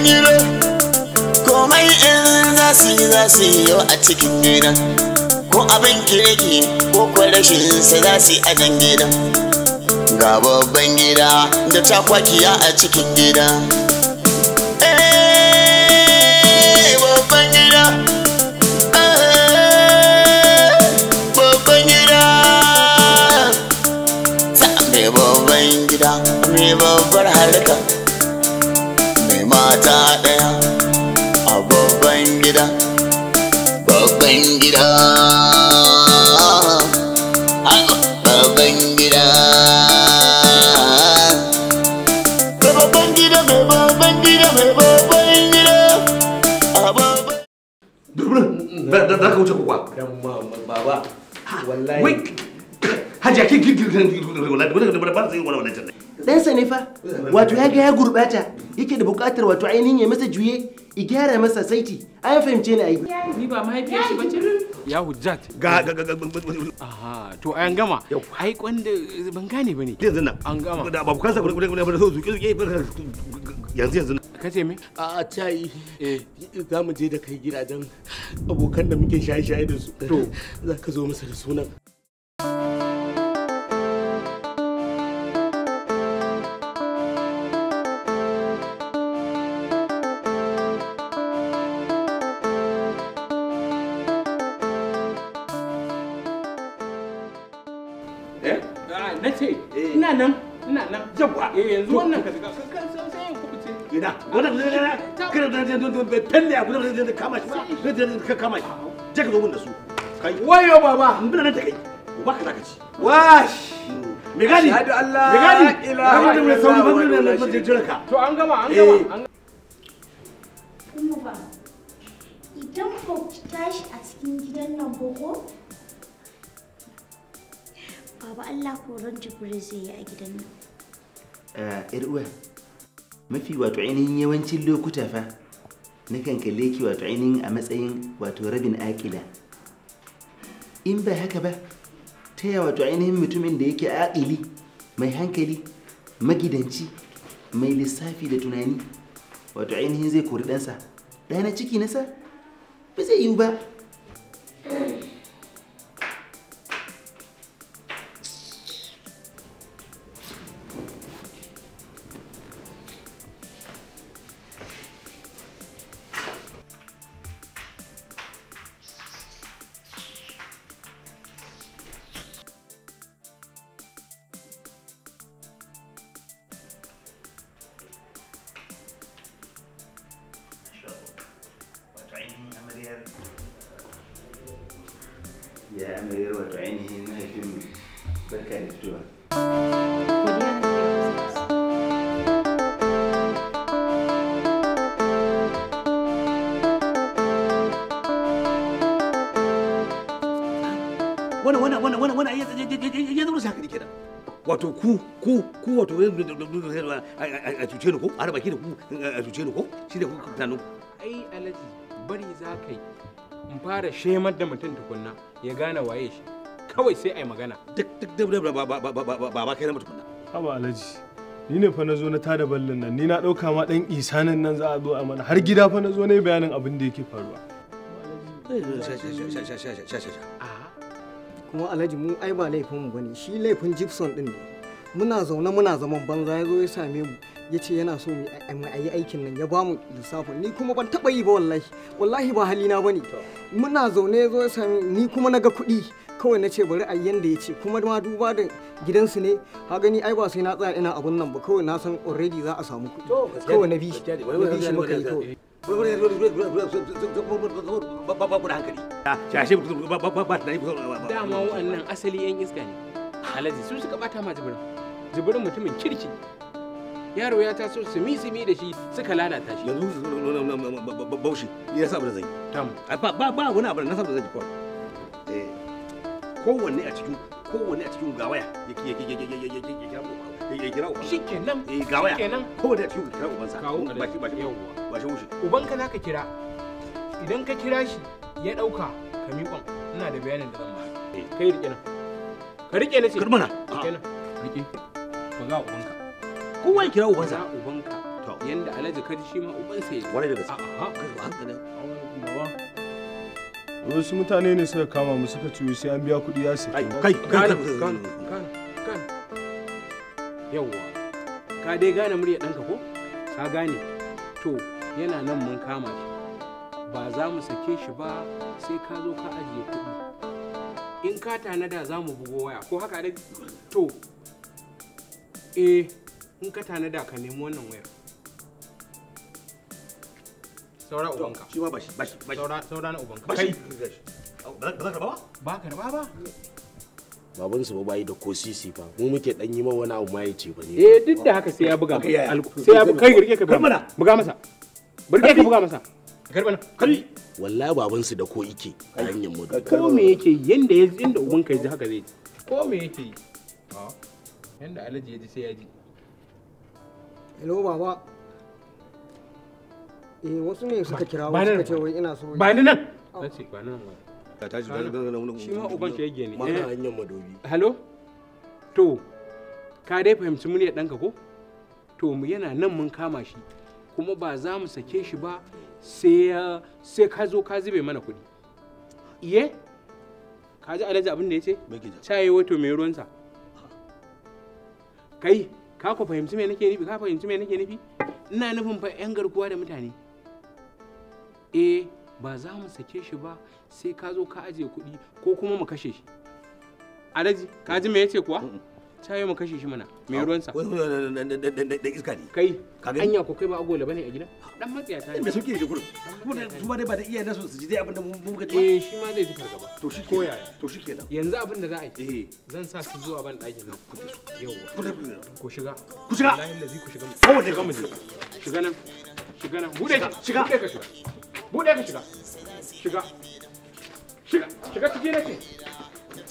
giro komai in za su yi za yi yau a cikin gida, ko abin kirki ko kwa su za su yi a nan gidan ga babban gida da takwakiya a cikin gida da za ka wuce kuwa dan mamman baba wallahi ne fa wato ya ga ya gurbata yake da buƙatar wato ainihin ya masa juye i gyara masa saiti an fahimce ni ai ni ba mahaifiyar shi bace ya hujjat ga ga ga aha to an gama ai kwanda ban gane bane yanzu nan an gama da kansa so zuke zuke yanzu yanzu ka ce mi? a cayi eh, za mu je da kai gidajen abokan da muke shaye-shaye da su to za ka zo musu da sunan eh? na ce ina nan ina nan jabwa. eh yanzu wannan ka ina wannan ne ne kada da da da pelle kama shi ba da da ka kama shi je ka zo mun da ka ci wash me gadi me gadi ilaha illallah mai sauri ban da nan to an gama an gama kuma ba Baba Allah koron Jibril zai yi a gidan nan. Eh, mafi wato ainihin yawancin lokuta fa na kan kalle ki wato ainihin a matsayin wato rabin aƙila in ba haka ba ta yaya wato ainihin mutumin da yake aƙili mai hankali magidanci mai lissafi da tunani wato ainihin zai kori ɗansa ɗaya na ciki nasa ba zai yiwu ba ya amaryar wato ainihin mahaifinmu barka da fitowa wani wani wani wani wani ya zama sa haka kenan wato ku ku ku wato a cuce ni ko a raba ki da ku a cuce ni ko ku tunanin ai alaji bari za ka yi in fara shemar da mutum tukunna ya gane waye shi kawai sai ai magana duk duk da ba ba ba ba ba kai na mutum haba alaji ni ne fa nazo na tada ballin nan ni na dauka ma dan isanin nan za a zo a mana har gida fa nazo ne bayanin abin da yake faruwa kuma alhaji mu ai ba laifin mu bane shi laifin gibson din ne muna zaune muna zaman banza ya zo ya same mu ya ce yana so mu yi aikin nan ya ba mu lissafin ni kuma ban taɓa yi ba wallahi wallahi ba halina ba ne muna zaune zo ni kuma na ga kuɗi kawai na ce bari a yanda ya ce kuma ma duba da gidansu ne ha gani ai ba sai na tsaya ina abun nan ba kawai na san already za a samu kuɗi kawai na bi shi na bi shi muka yi kawai babu da hankali. Shashe ba ba tunani ba. Dama wa'annan asali 'yan iska ne. Alaji su suka bata ma jibirin. Jibirin mutumin kirki yaro ya taso sumi sumi da shi suka lalata shi yanzu baushi ya sa da zai tam ba ba wani abu na sa da zai ko eh kowanne a cikin kowanne a cikin gawaya yake yake yake yake yake yake ya kira uban shikenan eh gawaya shikenan kowanne a cikin kira uban sa ba shi ba shi ba shi wushi uban ka zaka kira idan ka kira shi ya dauka ka miƙon ina da bayanin da zan ba kai rike nan ka rike na ce karmana rike nan rike ko za ubanka kowa ya kira ubansa ubanka to yanda alhaji kaji shi ma ubansa ya wani da gaske a'a kai ba haka ne wasu mutane ne suka kama mu suka ciwo sai an biya kuɗi ya sai kai kai kai kan yawwa ka dai gane murya ɗanka ko ka gane to yana nan mun kama shi ba za mu sake shi ba sai ka zo ka ajiye kuɗi in ka tanada za mu bugo waya ko haka dai to eh in ka tana da ka nemi wannan wayar saura ubanka shi ma bashi bashi saura saura na ubanka kai ba za ka ba ba ka ba ba baban su ba da ko sisi fa mu muke dan yi ma wani abu ma yace ba ne eh duk da haka sai ya buga sai ya kai rike ka buga buga masa burge ka buga masa karban kai wallahi baban su da ko yake a hanyar mu ko me yake yanda yanda ubanka ya ji haka zai ko me yake ah. yanda alaji ya ji sai ya ji hello baba eh wasu ne suka kira wasu suka ce wai ina so ba ni nan nace ba ni nan ba ka tashi ga ga nan shi ma uban shi yake ne ma eh. hanyar madobi hello to ka dai fahimci mun ya danka ko to mu yana nan mun kama shi kuma ba za mu sake shi ba sai sai ka zo ka zube mana kuɗi iye ka ji alhaji abin da ya ce ta caye wato mai ruwansa kai ka ku fahimci me nake nufi ka fahimci me nake nufi ina nufin fa yan garkuwa da mutane eh ba za mu sake shi ba sai ka zo ka ajiye kuɗi ko kuma mu kashe shi Alaji, ka ji me yace kuwa sai mu kashe shi mana mai ruwan sa da iska ne kai ka gani anya ko kai ba agola bane a gida dan matsiya ta me suke yi gurin kuma su ba dai ba da iyayen nasu su ji dai abin da mun muka ce eh shi ma zai ji fargaba to shi koya to shi kenan yanzu abin da za a yi eh zan sa su zuwa ban ɗakin nan ku yau ku ku shiga ku shiga wallahi lazi ku shiga ko wanda ga mu shiga nan shiga nan bude ka shiga bude ka shiga bude ka shiga shiga shiga shiga ciki nake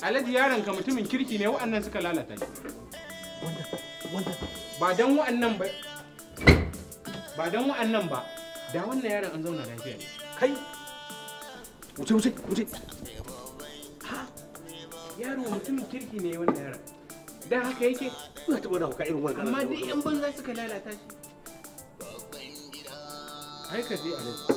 Alhaji yaron ka mutumin kirki ne wa'annan suka lalata shi. Ba dan wa'annan ba ba dan wa'annan ba da wannan yaron an zauna lafiya ne. Kai wuce wuce wuce. Ha yaro mutumin kirki ne wannan yaron. Dan haka yake ba ta ka irin wannan. Amma dai yan banza suka lalata shi. Ai ka je Alhaji.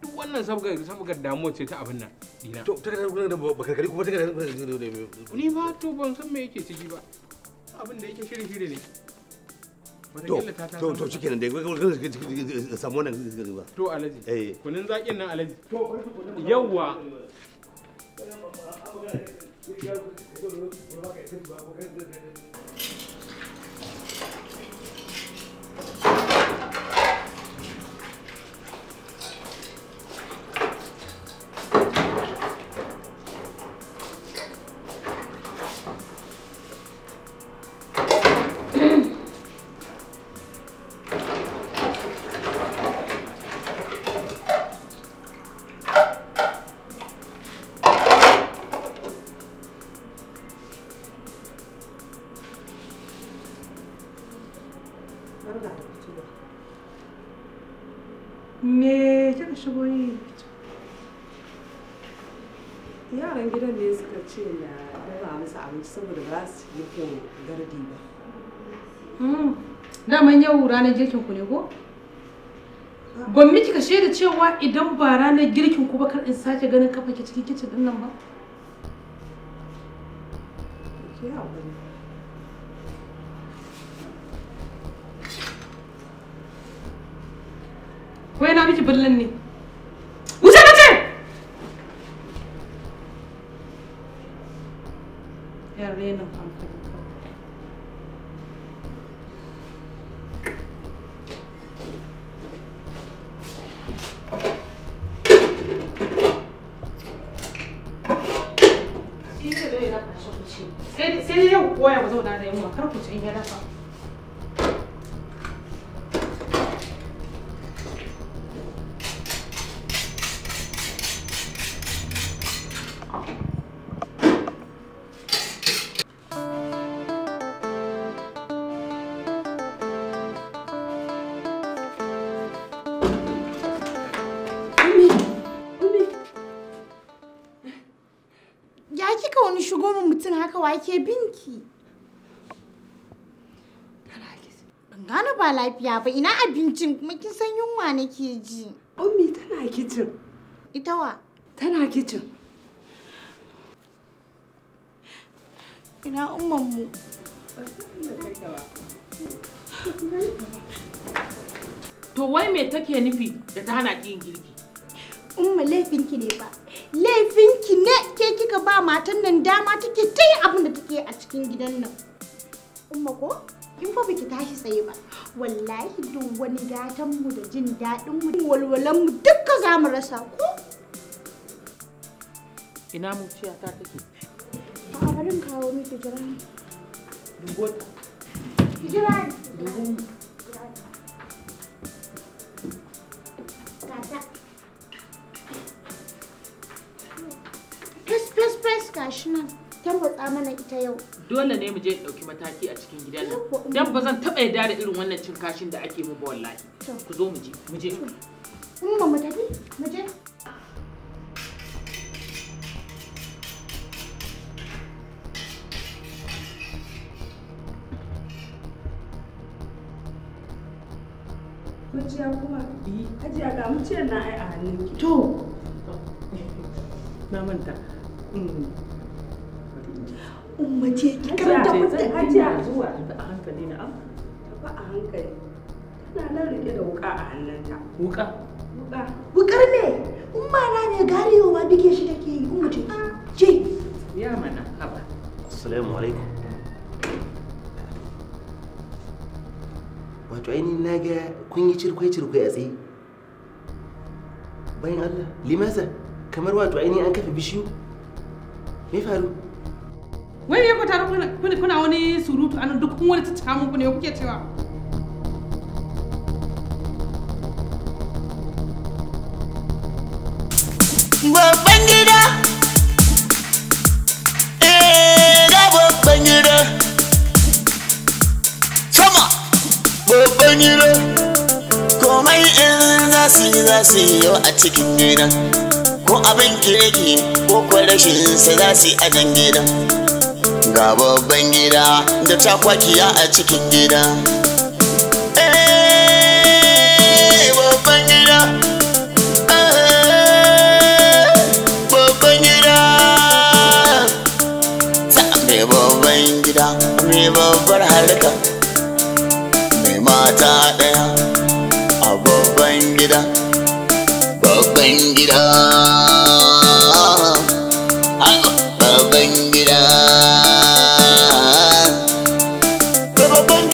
duk wannan sabgar sabga damu ce ta abin nan dina to ta kada da bakarkari kuma ta kada ni ma to ban san me yake ciki ba abin da yake shiri shiri ne to to to nan dai ka samu wannan ba to alaji eh kunin zakin nan alaji to yawa Thank you. dafa musu abinci saboda ba su girkin gardi ba. Hmm. Daman yau ranar girkin ku ne ko? kika shaida cewa idan ba ranar girkin ku ba kar in sake ganin kafa ki cikin kicin din nan ba. Wai na miki birnin ne. やる例の感覚 sai dai yau koya ba zauna da yamma kar ku ci in ya dafa wake binki ban gano ba lafiya ba ina abincin kuma kin san yunwa nake ji ummi tana kicin ita wa tana kicin ina umman mu to wai me take nufi da ta hana ki yin girki umma laifinki ne ba laifinki ne ke kika ba dama take ta yi abin da take a cikin gidan nan. Umma ko? Kin fa biki tashi tsaye ba, wallahi duk wani gatan mu da jin mu da mu dukka za mu rasa ko? Ina mu ciya ta take? Ba A barin kawo miki jira. Dubo ta. Jira. Dubo. gashi nan tambatsa mana ita yau. Dole ne mu je ɗauki mataki a cikin gidan nan. Dan ba zan taɓa yarda da irin wannan cin kashin da ake mu ba wallahi. Ku zo mu je, mu je. Umma mu tafi, mu je. Muciya kuma? Hajiya ga muciyar na ai a hannunki. To. Na manta. Hmm. umma je ki karanta mun da hajiya zuwa a hankali na am ba a hankali tana nan rike da wuka a hannunta wuka wuka wukar me ma na ne garewa bige shi take yi umma je je ya mana haba assalamu alaikum wato ainihin na ga kun yi cirkwai-cirkwai a tsaye bayan allah limasa kamar wato ainihin an kafa bishiyu me faru wai ya kwata kuna wani surutu anan duk kun wani cicika muku kuna? kuke cewa babban gida eh ga babban gida sama babban komai in za su yi za su yi yau a cikin gidan ko abin kirki ko kwa rashin sa za su yi a gidan ga babban gida da takwakiya a cikin gida